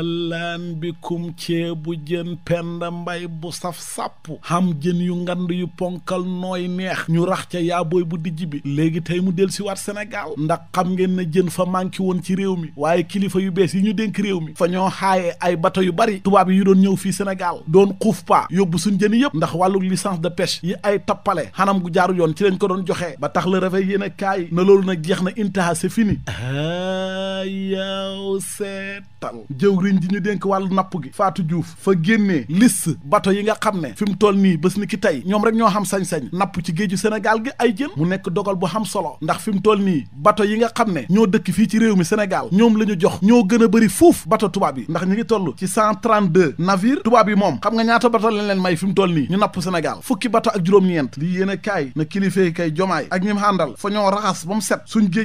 ahlan bikum ceebu jën penda mbay bu saf sàpp xam jën yu ngand yu ponkal nooy neex ñu rax ca yaabooy bu dijj bi léegi tey mu del si waat Sénégal ndax xam ngeen na jën fa manqué woon ci réew mi waaye kilifa yu bees yi ñu dénk réew mi fa ñoo xaaye ay bato yu bari tubaab yi yu doon ñëw fii Sénégal doon xuuf paa yóbbu suñ jën yëpp ndax wàllu licence de pêche yi ay tappale xanam gu jaaru yoon ci lañ ko doon joxee ba tax le réveil yéen a kaay na loolu nag jeex na intaha c'est fini ah, jëwriñ ji ñu dénk wàllu napp gi faatu Diouf fa génnee list bato yi nga xam ne fi mu toll nii bés ni ki tey ñoom rek ñoo xam sañ-sañ napp ci géeju Sénégal gi ay jën mu nekk dogal bu xam solo ndax fi mu toll nii bato yi nga xam ne ñoo dëkk fii ci réew mi Sénégal ñoom la ñu jox ñoo gën a bëri fuuf bato tubaab yi ndax ñu ngi toll ci cent trente deux navire tubaab yi moom xam nga ñaata bato lañ leen may fi mu toll nii ñu napp Sénégal fukki bato ak juróom-ñeent lii yéen a kaay na kilifa yi kay jomaay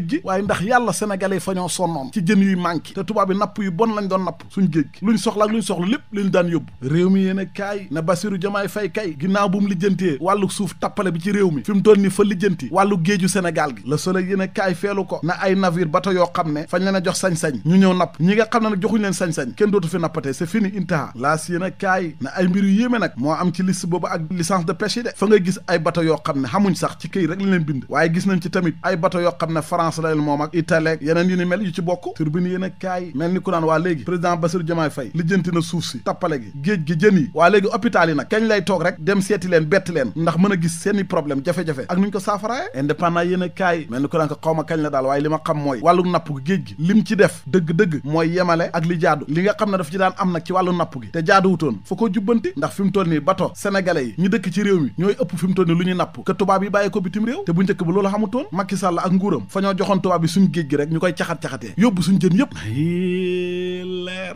gi waaye ndax yàlla sénégalais fa ñoo sonnoon ci jën yuy manqué te tubaab napp yu bon lañ doon napp suñ géej gi luñ soxla ak luñ soxla lépp lañu daan yóbbu réew mi yéen a kaay na Bassirou Diomaye Faye kay ginnaaw bu lijjantee wàllu suuf tappale bi ci réew mi fi mu toll ni fa lijjanti wàllu géeju Sénégal gi la Soleil yéen a kaay feelu ko na ay navire bato yoo xam ne fañ leen a jox sañ-sañ ñu ñëw napp ñi nga xam ne nag joxuñ leen sañ-sañ kenn dootu fi nappatee c'est fini intaha laas yéen kaay na ay mbir yéeme nag moo am ci liste boobu ak licence de pêche nga ay bato yoo xam ne xamuñ sax ci këy rek leen bind waaye gis nañ ci tamit ay bato yoo xam ne France la leen moom ak Italie mel yu bokk turbine yéen a kaay mel Bassirou Diomaye Faye lijjanti na suuf si tappale gi géej gi jën yi waa léegi hôpital yi nag kañ lay toog rek dem seeti leen bett leen ndax mën a gis seeni problème jafe-jafe ak nuñ ko saafaraaye indépendant yéen a kaay mel ni ko daanaka xaw ma kañ la daal waaye li ma xam mooy wàllu napp gi géej gi lim ci def dëgg-dëgg mooy yemale ak li jaadu li nga xam ne daf ci daan am nag ci wàllu napp gi te jaaduwutoon fa ko jubbanti ndax fi mu toll nii bato sénégalais yi ñu dëkk ci réew mi ñooy ëpp fi mu toll nii lu ñu napp que tubaab yi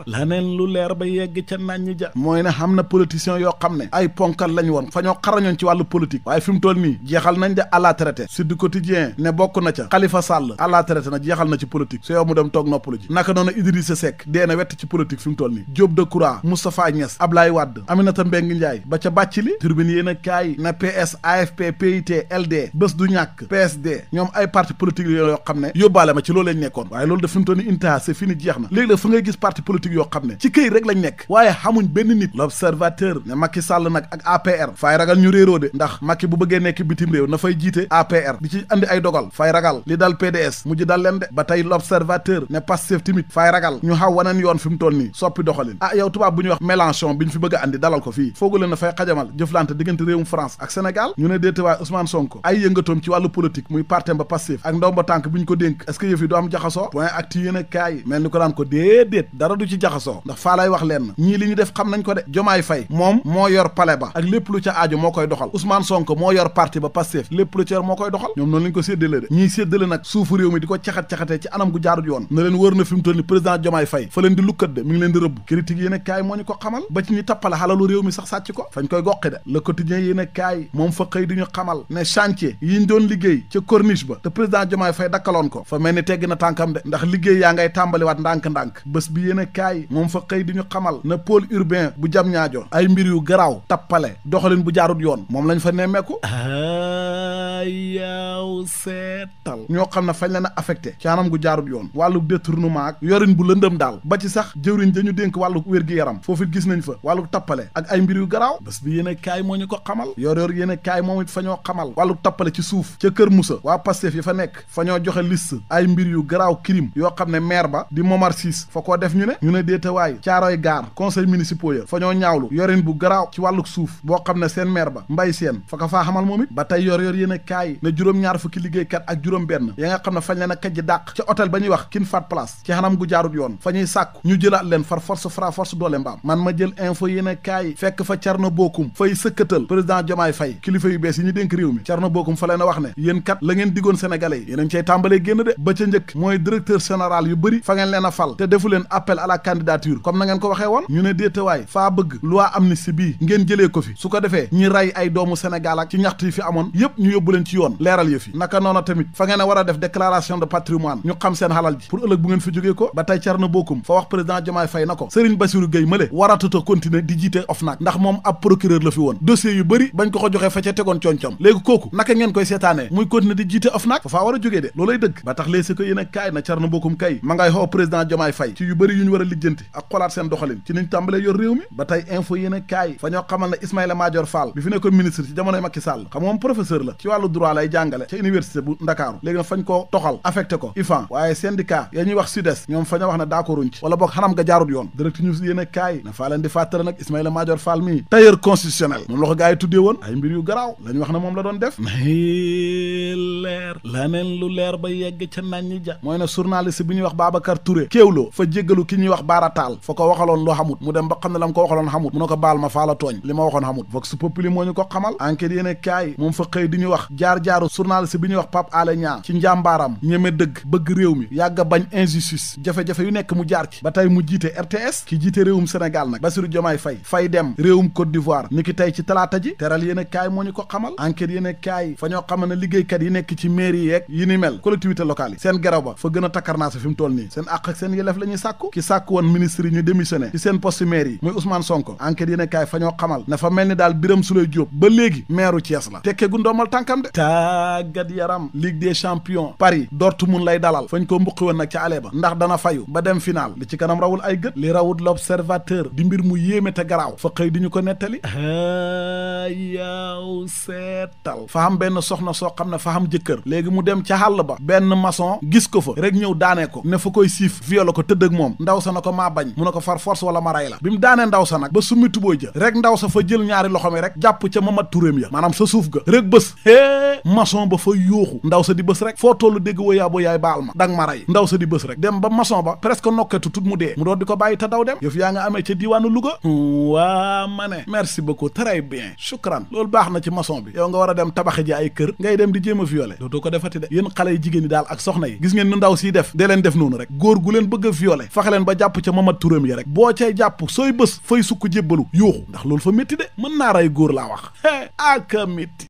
leer laneen lu leer ba yegg ca naññ ja mooy ne xam na politiciens yoo xam ne ay ponkal lañ woon fa ñoo xarañoon ci wàllu politique waaye fi mu toll nii jeexal nañ de à la traité Sud Quotidien ne bokk na ca Khalifa Sall à na jeexal na ci politique su yow mu dem toog noppalu ji naka noonu Idrissa Seck dee na wett ci politique fi mu toll nii Diop Decroix Moustapha Niass Ablaye Wade Aminata Mbengue Ndiaye ba ca bàcc li turbine yéen na PS AFP PIT LD du ñàkk PSD ñoom ay parti politique yoo xam yoo xam ne ci këy rek lañ nekk waaye xamuñ benn nit l'observateur ne Macky Sall nag ak APR fay ragal ñu réeroo de ndax Macky bu bëggee nekk bitim réew na fay jiite APR di ci andi ay dogal fay ragal li dal PDS mujj dal leen de ba tey l'observateur ne Pastef timit fay ragal ñu xaw waneen yoon fi mu toll nii soppi doxalin ah yow tubaab bu ñuy wax Mélenchon bi ñu fi bëgg a andi dalal ko fii foogu leen fay xajamal jëflante diggante réewum France ak Sénégal ñu jaxasoo ndax faa lay wax leen ñii li ñu def xam nañ ko de jomaay fay moom moo yor pale ba ak lépp lu ca aaju moo koy doxal Ousmane Sonko moo yor parti ba Pastef lépp lu ca yor moo koy doxal ñoom noonu lañ ko séddale de ñiy séddale nag suufu réew mi di ko caxat-caxatee ci anam gu jaarut na leen wër na fi mu président jomaay fay fa leen di lukkat de mi ngi leen di rëbb critique yéen a kaay moo ñu ko xamal ba ci ñi tappale xalalu réew mi sax sàcc ko fañ koy a kaay moom fa xëy di ñu xamal ne chantier yi ñu doon liggéey na tànkam de ndax kaay moom fa xëy di ñu xamal na pôle urbain bu jam ñaajo ay mbir yu garaaw tappale doxalin bu jaarut yoon moom lañ fa nemmeeku. ko seetal ñoo xam ne fañ leen a affecté ci anam gu jaarut yoon wàllu détournement ak yorin bu lëndëm daal ba ci sax jëwriñ dañu dénk wàllu wér-gi-yaram foofu gis nañ fa wàllu tappale ak ay mbir yu garaaw bés bi yéene kaay ko xamal yor yor yéene kaay moom it fa ñoo xamal wàllu tappale ci suuf ca kër Moussa waa Pastef yi fa nekk fa ñoo joxe list ay mbir yu garaaw crime yoo xam ne maire ba di Momar Cisse fa koo def ñu ne ñu ne déetawaay caaroy gaar conseil municipal ya fa ñoo ñaawlu yorin bu garaaw ci wàllu suuf boo xam ne seen maire ba mbay seen fukki liggéeykat ak juróom-benn ya nga xam ne a kajji dàq ca hôtel ba ñuy wax kin fat place ci xanam gu jaarut yoon fa ñu jëlaat leen far force fra force doole mbaam man info yéen a kaay fekk fa Thierno Bocoum fay sëkkatal président Diomaye Faye kilifa yu bees yi ñu dénk réew mi Thierno Bocoum fa leen a wax ne yéen kat la ngeen digoon sénégalais yi yéen cay tàmbalee génn de ba ca njëkk mooy directeur général yu bëri fa ngeen leen a fal te defu leen appel à la candidature comme ngeen ko waxee woon ñu ne déetawaay faa bëgg am amnistie bii ngeen jëlee ko fi su ko defee ñi rey ay doomu Sénégal ak ci ñaxtu yi fi amoon yépp ñu yóbbu leen ci yoon leeral yëf fi naka noona tamit fa ngeen a war a def déclaration de patrimoine ñu xam seen xalal ji pour ëllëg bu ngeen fi jógee ko ba tey Thierno Bocoum fa wax président Diomaye Faye na ko Serigne Bassirou Gueye mële waratuta continuer di jiite OFNAC ndax moom ab procureur la fi woon dossier yu bëri bañ ko ko joxee fa ca tegoon concom léegi kooku naka ngeen koy seetaanee muy continuer di jiite OFNAC fa faa war a jógee de loolay dëgg ba tax léeg si ko yéen a kaay na ma ngay yu bëri yu ñu a lijjanti ak xolaat seen doxalin ci niñ tàmbalee yor réew mi ba tey a kaay fa bi fi nekkoon ministre ci jamonoy Macky Sall xam moom professeur la université bu ndakaaru léegi nag fañ koo toxal affecté ko ifan waaye syndicat ya ñuy wax sudes ñoom fañ a wax ne d'accorduñ ci wala boog xanam nga jaarut yoon direct news yéen a kaay na faa leen di fàttale nag Ismaïla Madior Fall mii tailleur constitutionnel moom la ko gars yi tuddee woon ay mbir yu garaaw la wax ne moom la doon def na leer laneen lu leer ba yegg ca naan ñi ja mooy ne journaliste bi ñuy wax Babacar Touré kéewloo fa jéggalu ki ñuy wax Baara Taal fa ko a journaliste bi ñuy wax Pape Alé Niang ci njàmbaaram ñeme dëgg bëgg réew mi yàgg bañ injustice jafe-jafe yu nekk mu jaar ci ba tey mu jiite RTS ki jiite réewum Sénégal nag Bassirou Diomaye Faye fay dem réewum Côte d'Ivoire ni ki tey ci talaata ji teral yéen a moo ñu ko xamal enquête yéen a kaay fa ñoo xam ne liggéeykat yi nekk ci mairie yeeg yi ni mel collectivité locale yi seen geraw ba fa gën a takkarnaasa fi mu toll nii seen àq ak seen yelef la ñuy sàkku ki sàkku woon ministre yi ñu démissionné ci seen poste maire yi muy a kaay fa ñoo mel ni daal Birame Souleye Diop ba léegi maireu Thiès la tekkee gu ndoomal tànkam de tàggat yaram Ligue des champions Paris Dortmund lay dalal fañ ko mbuqi woon nag ca ale ba ndax dana fayu ba dem final li ci kanam rawul ay gët li rawut l'observateur di mbir mu yéeme te garaaw fa xëy di ñu ko nettali yaaw seetal fa xam benn soxna soo xam ne fa xam jëkkër léegi mu dem ca xàll ba benn mason gis ko fa rek ñëw daanee ko ne fa koy siif violé ko tëdd ak moom ndaw sa na ko maa bañ mu ne ko far force wala ma rey la bi mu daanee ndaw sa nag ba summi tubooy ja rek ndaw sa fa jël ñaari loxo mi rek jàpp ca mamat turéem ya suuf ga yuuxu ndaw sa di bës rek foo tollu dégg wa yaaboo yaay baal ma dang ma rey ndaw sa di bës rek dem ba maçon ba presque nokketu tut mu dee mu doon di ko bàyyi te daw dem yëf yaa nga amee ca diiwaanu Louga waa ma ne merci beaucoup très bien shukran loolu baax na ci maçon bi yow nga war a dem tabaxe ji ay kër ngay dem di jéem a dootoo ko defati de yéen xale yi jigéen yi daal ak soxna yi gis ngeen nu ndaw siy def dee leen def noonu rek góor gu leen a